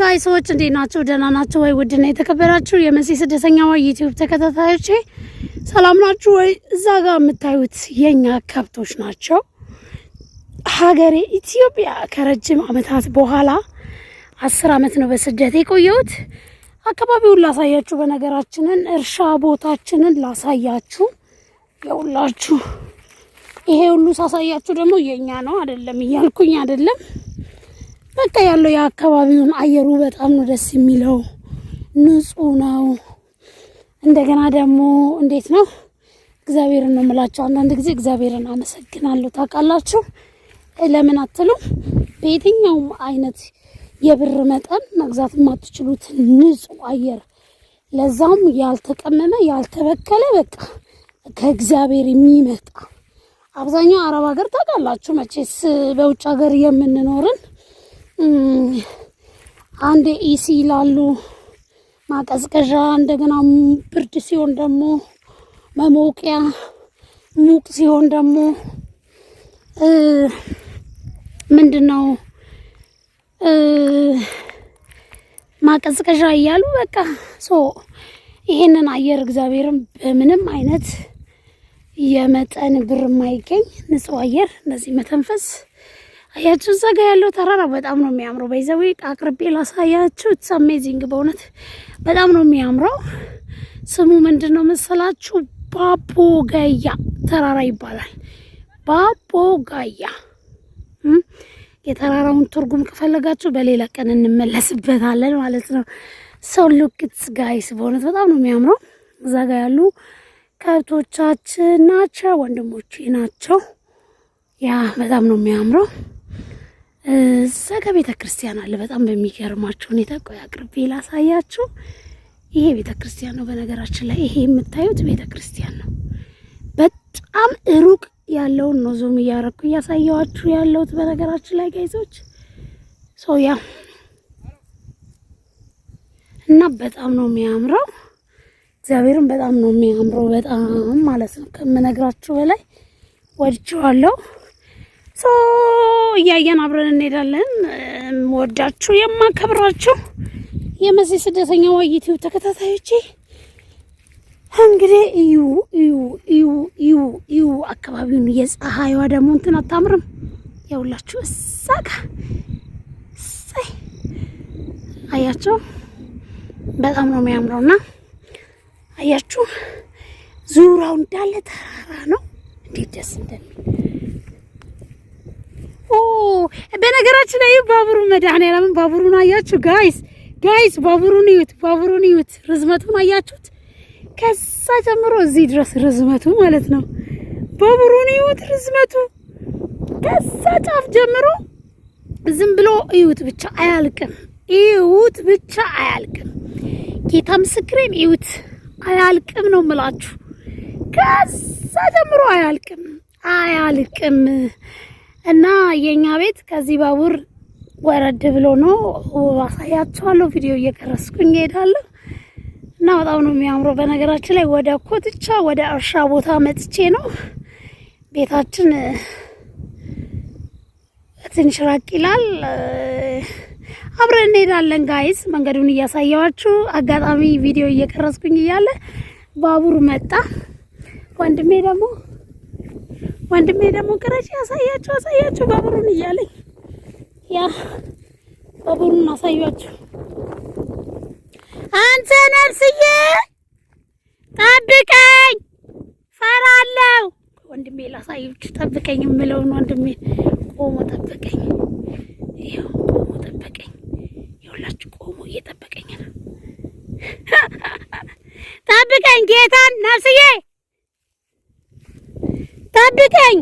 ጋይ ሰዎች እንዴት ናቸው? ደህና ናቸው ወይ? ውድና የተከበራችሁ የመሲ ስደተኛዋ ዩቲዩብ ተከታታዮቼ ሰላም ናችሁ ወይ? እዛ ጋር የምታዩት የኛ ከብቶች ናቸው። ሀገሬ ኢትዮጵያ ከረጅም ዓመታት በኋላ አስር ዓመት ነው በስደት የቆየሁት። አካባቢውን ላሳያችሁ፣ በነገራችንን እርሻ ቦታችንን ላሳያችሁ። የሁላችሁ ይሄ ሁሉ ሳሳያችሁ ደግሞ የኛ ነው አይደለም እያልኩኝ አይደለም በቃ ያለው የአካባቢውን አየሩ በጣም ነው ደስ የሚለው፣ ንጹህ ነው። እንደገና ደግሞ እንዴት ነው እግዚአብሔርን ነው የምላቸው። አንዳንድ ጊዜ እግዚአብሔርን አመሰግናለሁ ታውቃላችሁ። ለምን አትሉ? በየትኛውም አይነት የብር መጠን መግዛት የማትችሉትን ንጹህ አየር ለዛም ያልተቀመመ ያልተበከለ በቃ ከእግዚአብሔር የሚመጣ አብዛኛው አረብ ሀገር ታውቃላችሁ መቼስ በውጭ ሀገር የምንኖርን አንድ ኢሲ ይላሉ ማቀዝቀዣ፣ እንደገና ብርድ ሲሆን ደግሞ መሞቂያ፣ ሙቅ ሲሆን ደግሞ ምንድን ነው ማቀዝቀዣ እያሉ በቃ ሶ ይሄንን አየር እግዚአብሔርም በምንም አይነት የመጠን ብር የማይገኝ ንጹህ አየር እነዚህ መተንፈስ አያችሁ እዛ ጋ ያለው ተራራ በጣም ነው የሚያምረው። በይዘዌ አቅርቤ ላሳያችሁ። ኢትስ አሜዚንግ በእውነት በጣም ነው የሚያምረው። ስሙ ምንድን ነው መሰላችሁ? ባቦ ጋያ ተራራ ይባላል። ባቦ ጋያ የተራራውን ትርጉም ከፈለጋችሁ በሌላ ቀን እንመለስበታለን ማለት ነው። ሰው ሉክትስ ጋይስ በእውነት በጣም ነው የሚያምረው። እዛ ጋ ያሉ ከብቶቻችን ናቸው፣ ወንድሞቼ ናቸው። ያ በጣም ነው የሚያምረው። እዛ ጋ ቤተ ክርስቲያን አለ። በጣም በሚገርማችሁ ሁኔታ ቆይ አቅርቤ ላሳያችሁ። ይሄ ቤተ ክርስቲያን ነው። በነገራችን ላይ ይሄ የምታዩት ቤተ ክርስቲያን ነው። በጣም ሩቅ ያለውን ነው ዞም እያረኩ እያሳየዋችሁ ያለሁት። በነገራችን ላይ ጋይዞች ሰው ያ እና በጣም ነው የሚያምረው። እግዚአብሔርም በጣም ነው የሚያምረው። በጣም ማለት ነው ከምነግራችሁ በላይ ወድጄዋለሁ። እያየን አብረን እንሄዳለን። ወዳችሁ የማከብራችሁ የመዚ ስደተኛ ዋይቲው ተከታታዮች እንግዲህ እዩ እዩ እዩ እዩ እዩ አካባቢውን የፀሐይዋ ደግሞ እንትን አታምርም? የሁላችሁ እሳ ጋ እሰይ አያችሁ፣ በጣም ነው የሚያምረውና አያችሁ፣ ዙሪያው እንዳለ ተራራ ነው። እንዴት ደስ እንደሚል ኦ በነገራችን ላይ ባቡሩ መድኃኒዓለምን ባቡሩን አያችሁ ጋይስ ጋይስ ባቡሩን ይዩት፣ ባቡሩን ይዩት። ርዝመቱን አያችሁት? ከዛ ጀምሮ እዚህ ድረስ ርዝመቱ ማለት ነው። ባቡሩን ይዩት፣ ርዝመቱ ከዛ ጫፍ ጀምሮ ዝም ብሎ እዩት ብቻ አያልቅም። እዩት ብቻ አያልቅም። ጌታ ምስክሬን እዩት፣ አያልቅም ነው ምላችሁ። ከዛ ጀምሮ አያልቅም፣ አያልቅም እና የኛ ቤት ከዚህ ባቡር ወረድ ብሎ ነው። አሳያችኋለሁ። ቪዲዮ እየቀረስኩኝ እሄዳለሁ እና በጣም ነው የሚያምረው። በነገራችን ላይ ወደ ኮትቻ ወደ እርሻ ቦታ መጥቼ ነው ቤታችን ትንሽ ራቅ ይላል። አብረን እንሄዳለን ጋይስ፣ መንገዱን እያሳየዋችሁ አጋጣሚ ቪዲዮ እየቀረስኩኝ እያለ ባቡር መጣ። ወንድሜ ደግሞ ወንድሜ ደግሞ ቅረሽ ያሳያችሁ ያሳያችሁ ባቡሩን እያለኝ ያ ባቡሩን አሳያችሁ። አንተ ነርስዬ ጠብቀኝ፣ ፈራለሁ። ወንድሜ ላሳያችሁ፣ ጠብቀኝ የምለውን ወንድሜ ቆሞ ጠብቀኝ፣ ይኸው ቆሞ ጠብቀኝ። ይኸውላችሁ ቆሞ እየጠበቀኝ ነው። ጠብቀኝ ጌታን ነፍስዬ ጠብቀኝ።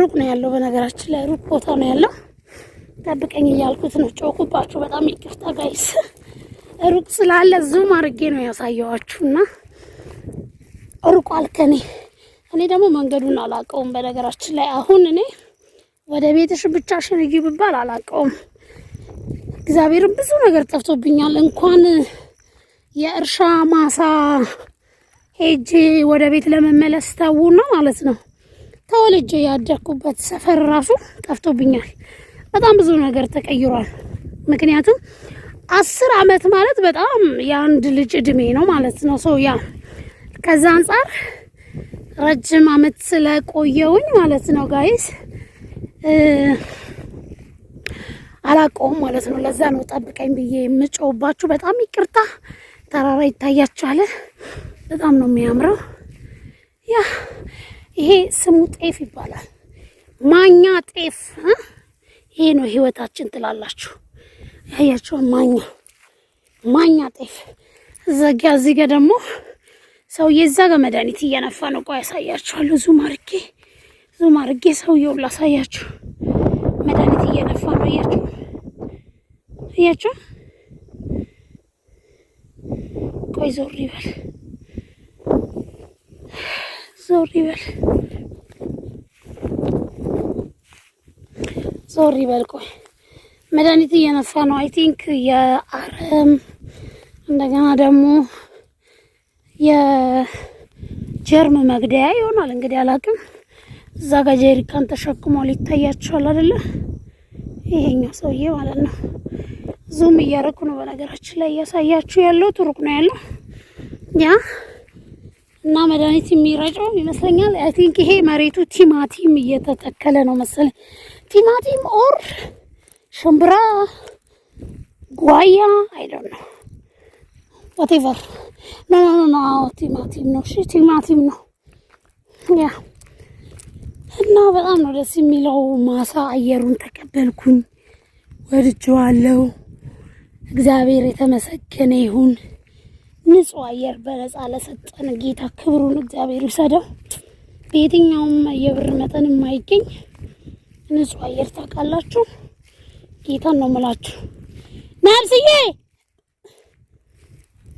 ሩቅ ነው ያለው፣ በነገራችን ላይ ሩቅ ቦታ ነው ያለው። ጠብቀኝ እያልኩት ነው። ጮኩባችሁ፣ በጣም ይቅርታ ጋይስ። ሩቅ ስላለ ዙም አድርጌ ነው ያሳየዋችሁና ሩቋል ከኔ። እኔ ደግሞ መንገዱን አላውቀውም በነገራችን ላይ። አሁን እኔ ወደ ቤትሽ ብቻሽን እይ አላውቀውም። እግዚአብሔር ብዙ ነገር ጠፍቶብኛል እንኳን የእርሻ ማሳ ሄጄ ወደ ቤት ለመመለስ ተውና ማለት ነው። ተወልጄ ያደግኩበት ሰፈር ራሱ ጠፍቶብኛል። በጣም ብዙ ነገር ተቀይሯል። ምክንያቱም አስር አመት ማለት በጣም የአንድ ልጅ እድሜ ነው ማለት ነው። ሰው ያ ከዛ አንጻር ረጅም አመት ስለቆየውኝ ማለት ነው ጋይስ አላቀውም ማለት ነው። ለዛ ነው ጠብቀኝ ብዬ የምጮውባችሁ። በጣም ይቅርታ። ተራራ ይታያችኋል። በጣም ነው የሚያምረው። ያ ይሄ ስሙ ጤፍ ይባላል። ማኛ ጤፍ ይሄ ነው ህይወታችን ትላላችሁ። ያያችሁ ማኛ ማኛ ጤፍ ዘጋ። እዚህ ጋ ደግሞ ሰውዬ እዛ ጋ መድኃኒት እየነፋ ነው። ቆይ ያሳያችኋለሁ። ዙም አርጌ ዙም አድርጌ ሰውዬው ላሳያችሁ። መድኃኒት እየነፋ ነው። እያችሁ እያችሁ ቆይ ዞር ይበል፣ ዞር ይበል፣ ዞር ይበል። ቆይ መድኃኒት እየነፋ ነው። አይ ቲንክ የአረም እንደገና ደግሞ የጀርም መግደያ ይሆናል እንግዲህ አላውቅም። እዛ ጋር ጀሪካን ተሸክሟል ይታያችኋል አይደለ? ይሄኛው ሰውዬ ማለት ነው። ዙም እያረኩ ነው። በነገራችን ላይ እያሳያችሁ ያለው ትሩቅ ነው ያለው ያ እና መድኃኒት የሚረጨው ይመስለኛል። አይ ቲንክ ይሄ መሬቱ ቲማቲም እየተተከለ ነው መሰለኝ። ቲማቲም ኦር ሽምብራ፣ ጓያ አይ ዶንት ኖ ኖ ኖ ኖ ቲማቲም ነው። እሺ ቲማቲም ነው ያ እና በጣም ነው ደስ የሚለው ማሳ። አየሩን ተቀበልኩኝ፣ ወድጄዋለሁ። እግዚአብሔር የተመሰገነ ይሁን። ንጹህ አየር በነጻ ለሰጠን ጌታ ክብሩን እግዚአብሔር ይውሰደው። በየትኛውም የብር መጠን የማይገኝ ንጹህ አየር ታውቃላችሁ። ጌታን ነው የምላችሁ። ናብስዬ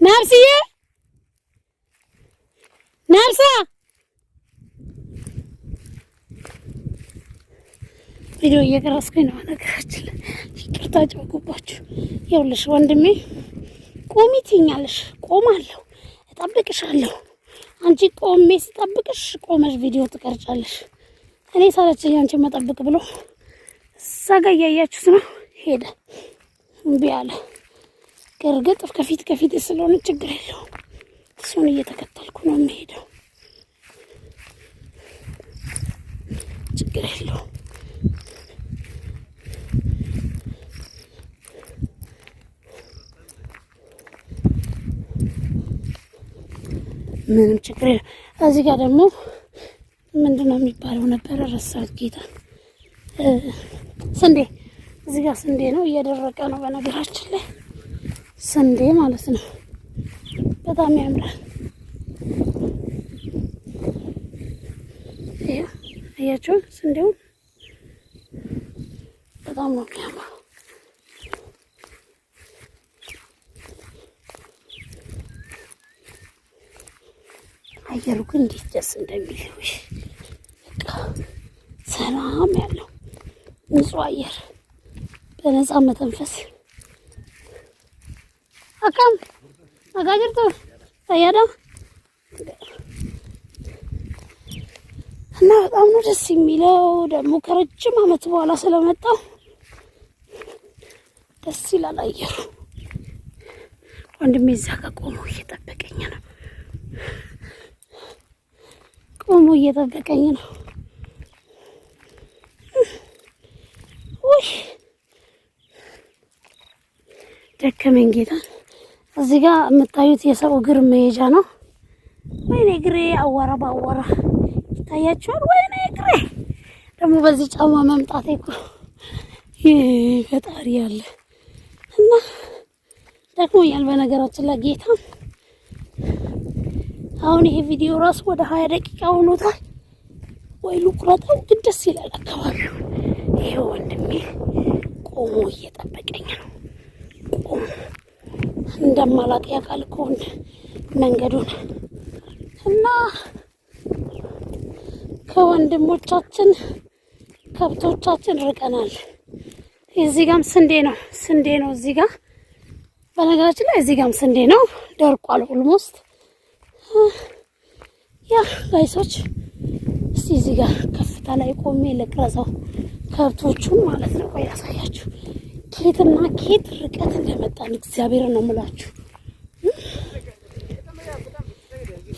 ናብስዬ ናብሳ ቪዲዮ እየቀረስኩኝ ነው። ነገራችን ላይ ይቅርታ ጨውኩባችሁ። ይኸውልሽ ወንድሜ ቆሚ ትይኛለሽ፣ ቆማለሁ፣ እጠብቅሻለሁ። አንቺ ቆሜ ስጠብቅሽ ቆመሽ ቪዲዮ ትቀርጫለሽ። እኔ ሳለች አንቺ መጠብቅ ብሎ እዛ ጋ እያያችሁት ነው። ሄደ እምቢ አለ። እርግጥ ከፊት ከፊት ስለሆነ ችግር የለውም። እሱን እየተከተልኩ ነው የምሄደው። ችግር የለውም። ምንም ችግር የለም። እዚህ ጋር ደግሞ ምንድን ነው የሚባለው ነበረ ረሳት ጌታ ስንዴ እዚህ ጋር ስንዴ ነው እየደረቀ ነው። በነገራችን ላይ ስንዴ ማለት ነው በጣም ያምራል። እያቸው ስንዴውን በጣም ነው የሚያምረው። አየሩ ግን እንዴት ደስ እንደሚልሽ ሰላም ያለው ንጹህ አየር በነፃ መተንፈስ አካም አጋጅርቶ ታያዳ እና በጣም ነው ደስ የሚለው። ደግሞ ከረጅም ዓመት በኋላ ስለመጣው ደስ ይላል አየሩ። ወንድሜ እዛ ጋ ቆሞ እየጠበቀኝ ነው። ቆሞ እየጠበቀኝ ነው። ውይ ደከመኝ ጌታ እዚህ ጋ የምታዩት የሰው እግር መሄጃ ነው። ወይኔ እግሬ አዋራ ባዋራ ይታያችኋል። ወይኔ እግሬ ደግሞ በዚህ ጫማ መምጣት እኮ ፈጣሪ ያለ እና ደክሞኛል። በነገራችን ላይ ጌታ አሁን ይሄ ቪዲዮ ራሱ ወደ ሀያ ደቂቃ ሆኖታል። ወይ ሉቁረታው ግን ደስ ይላል አካባቢው። ይሄ ወንድሜ ቆሞ እየጠበቀኝ ነው። ቆሞ እንደማላጥ ያውቃል እኮ መንገዱን እና ከወንድሞቻችን ከብቶቻችን ርቀናል። እዚህ ጋም ስንዴ ነው ስንዴ ነው እዚህ ጋ በነገራችን ላይ እዚህ ጋም ስንዴ ነው ደርቋል ኦልሞስት ያ ጋይሶች እስቲ እዚህ ጋር ከፍታ ላይ ቆሜ ልቅረጸው፣ ከብቶቹን ማለት ነው። ቆይ ያሳያችሁ ኬትና ኬት ርቀት እንደመጣን እግዚአብሔር ነው የምላችሁ።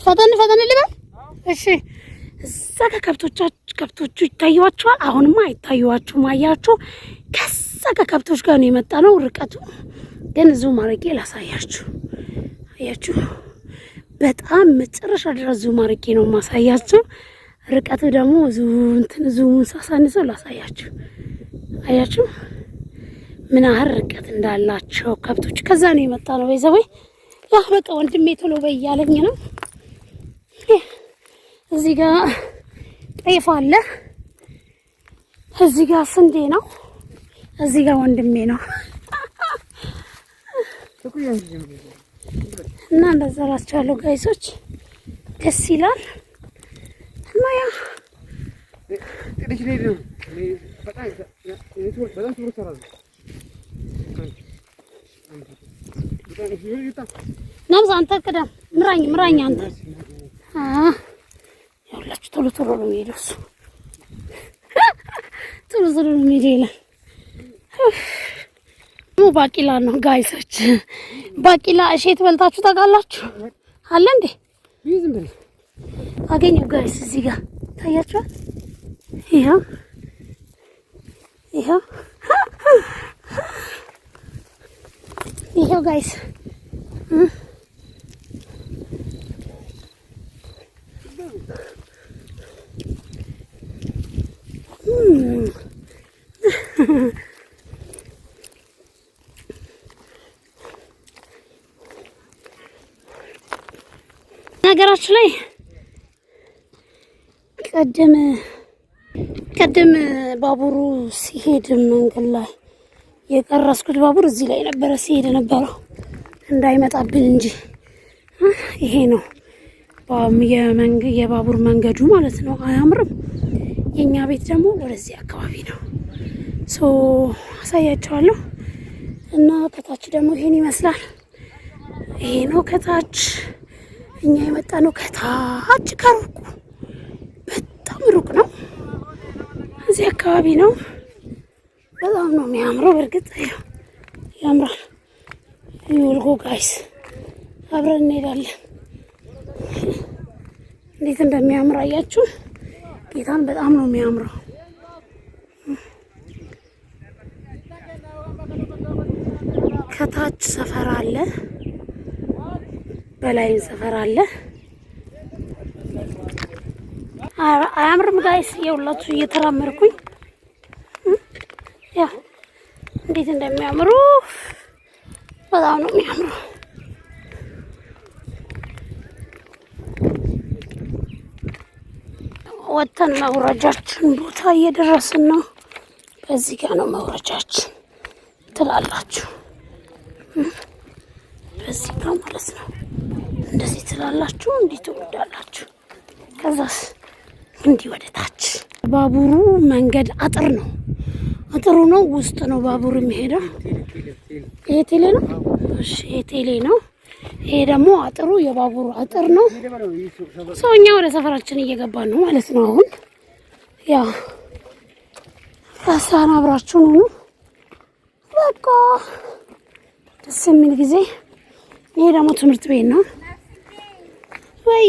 ፈጠን ፈጠን ልበል እሺ። እዛ ከብቶቹ ይታዩዋቸዋል። አሁንማ አይታዩዋችሁም። አያችሁ፣ ከዛ ከከብቶች ጋር ነው የመጣ ነው። ርቀቱ ግን ዙም አድርጌ ላሳያችሁ። አያችሁ በጣም መጨረሻ ድረስ ዙም አርጌ ነው ማሳያችሁ። ርቀቱ ደግሞ እንትን ዙሙን ሳሳንሰው ላሳያችሁ። አያችሁ ምን ያህል ርቀት እንዳላቸው ከብቶች። ከዛ ነው የመጣ ነው ወይ ያው በቃ ወንድሜ ቶሎ በይ እያለኝ ነው። እዚህ ጋ ጤፍ አለ፣ እዚህ ጋ ስንዴ ነው፣ እዚህ ጋ ወንድሜ ነው። እና እንደዛ ላችኋለሁ ጋይሶች፣ ደስ ይላል እና ያ ነብስ አንተ ቅደም ምራኝ ምራኝ አንተ ያላችሁ ቶሎ ቶሎ ነው የሚሄደው እሱ ቶሎ ቶሎ ነው የሚሄደው ይላል። ባቂላ ነው ጋይሶች ባቂላ እሼት በልታችሁ ታውቃላችሁ? አለ እንዴ አገኘሁ ጋይስ፣ እዚህ ጋር ታያችኋል። ይኸው ይኸው ይኸው ጋይስ በነገራችን ላይ ቀደም ቀደም ባቡሩ ሲሄድ መንገድ ላይ የቀረስኩት ባቡር እዚህ ላይ ነበረ ሲሄድ ነበረው እንዳይመጣብን እንጂ ይሄ ነው የባቡር መንገዱ ማለት ነው። አያምርም? የእኛ ቤት ደግሞ ወደዚህ አካባቢ ነው። ሶ አሳያቸዋለሁ እና ከታች ደግሞ ይሄን ይመስላል። ይሄ ነው ከታች እኛ የመጣ ነው ከታች ከሩቁ በጣም ሩቅ ነው። እዚህ አካባቢ ነው። በጣም ነው የሚያምረው። በእርግጥ ያምራል። ይውልጎ ጋይስ አብረን እንሄዳለን። እንዴት እንደሚያምር አያችሁ? ጌታን በጣም ነው የሚያምረው። ከታች ሰፈር አለ። በላይም ሰፈር አለ። አያምርም ጋይስ? የሁላችሁ እየተራመርኩኝ ያ እንዴት እንደሚያምሩ በጣም ነው የሚያምሩ። ወተን መውረጃችን ቦታ እየደረስን ነው። በዚህ ጋ ነው መውረጃችን ትላላችሁ፣ በዚህ ጋ ማለት ነው። እንደዚህ ትላላችሁ፣ እንዲህ ትወርዳላችሁ። ከዛስ እንዲህ ወደ ታች። ባቡሩ መንገድ አጥር ነው፣ አጥሩ ነው፣ ውስጥ ነው ባቡሩ የሚሄደው። ይሄ ቴሌ ነው፣ ይሄ ቴሌ ነው። ይሄ ደግሞ አጥሩ የባቡሩ አጥር ነው። ሰው እኛ ወደ ሰፈራችን እየገባን ነው ማለት ነው። አሁን ያ ራሳን አብራችሁን ሆኑ። በቃ ደስ የሚል ጊዜ። ይሄ ደግሞ ትምህርት ቤት ነው። ወይ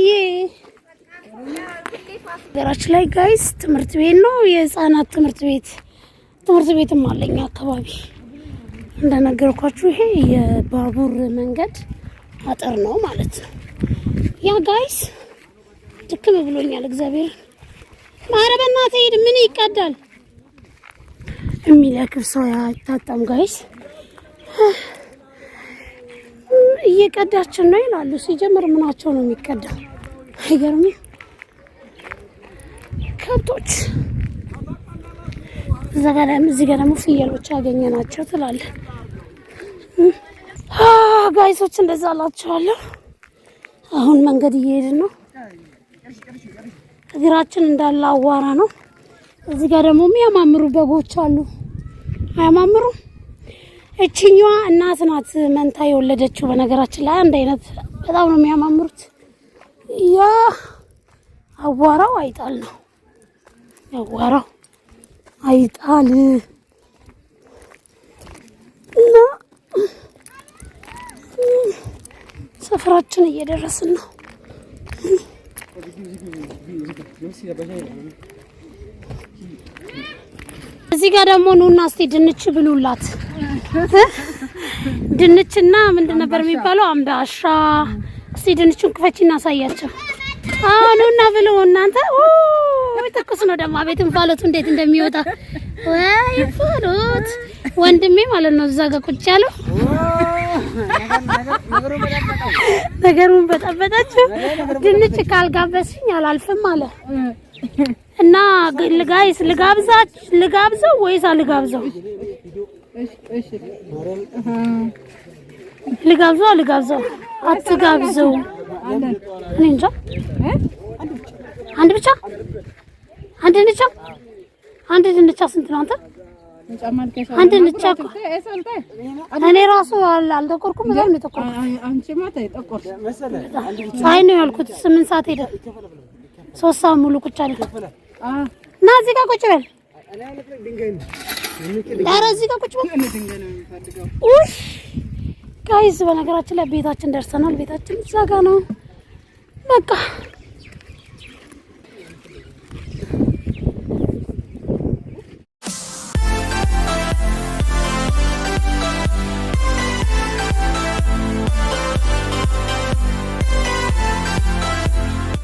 ሀገራችን ላይ ጋይስ ትምህርት ቤት ነው፣ የህፃናት ትምህርት ቤት ትምህርት ቤትም አለኝ አካባቢ። እንደነገርኳችሁ ይሄ የባቡር መንገድ አጥር ነው ማለት ነው። ያ ጋይስ ድክም ብሎኛል። እግዚአብሔር ማረ በእናተ ሄድ ምን ይቀዳል ሰው አይታጣም ጋይስ እየቀዳችን ነው ይላሉ። ሲጀምር ምናቸው ነው የሚቀዳ? አይገርም። ከብቶች እዛ ጋር እዚህ ጋር ደግሞ ፍየሎች ያገኘ ናቸው ትላለ። ጋይሶች እንደዛ አላችኋለሁ። አሁን መንገድ እየሄድን ነው። እግራችን እንዳለ አዋራ ነው። እዚህ ጋር ደግሞ የሚያማምሩ በጎች አሉ። አያማምሩም? እችኛዋ እናት ናት መንታ የወለደችው። በነገራችን ላይ አንድ አይነት በጣም ነው የሚያማምሩት። ያ አዋራው አይጣል ነው ያዋራው አይጣል እና ሰፈራችን እየደረስን ነው። እዚህ ጋር ደግሞ ኑና እስቲ ድንች ብሉላት ድንችና ምንድን ነበር የሚባለው? አምዳሻ። እስቲ ድንቹን ክፈች አሳያቸው። አሁን እና ብሎ እናንተ ትኩስ ነው ደግሞ። አቤት እንፋሎቱ እንዴት እንደሚወጣ ወይ ፍሩት። ወንድሜ ማለት ነው እዛ ጋር ቁጭ ያለው ነገሩን በጠበጠችው። ድንች ካልጋበስኝ አላልፍም አለ እና ልጋይስ ልጋብዛ ልጋብዘው ወይስ አልጋብዘው? ልጋብዘው ልጋብዘው አትጋብዘው። እኔ እንጃ አንድ ብቻ አንድ እንጫ አንድ እንጫ ስንት ነው አንተ? አንድ እንጫ እኮ እኔ ራሱ አልጠቆርኩም። እዛው ነው የጠቆርኩት። ፀሐይ ነው ያልኩት። ስምንት ሰዓት ሄደ። ሶስት ሰዓት ሙሉ ቁጭ አለ እና እዚህ ጋር ቁጭ በል ኧረ እዚህ ጋር ቁጭ በል ጋይዝ። በነገራችን ላይ ቤታችን ደርሰናል። ቤታችን እዛ ጋ ነው በቃ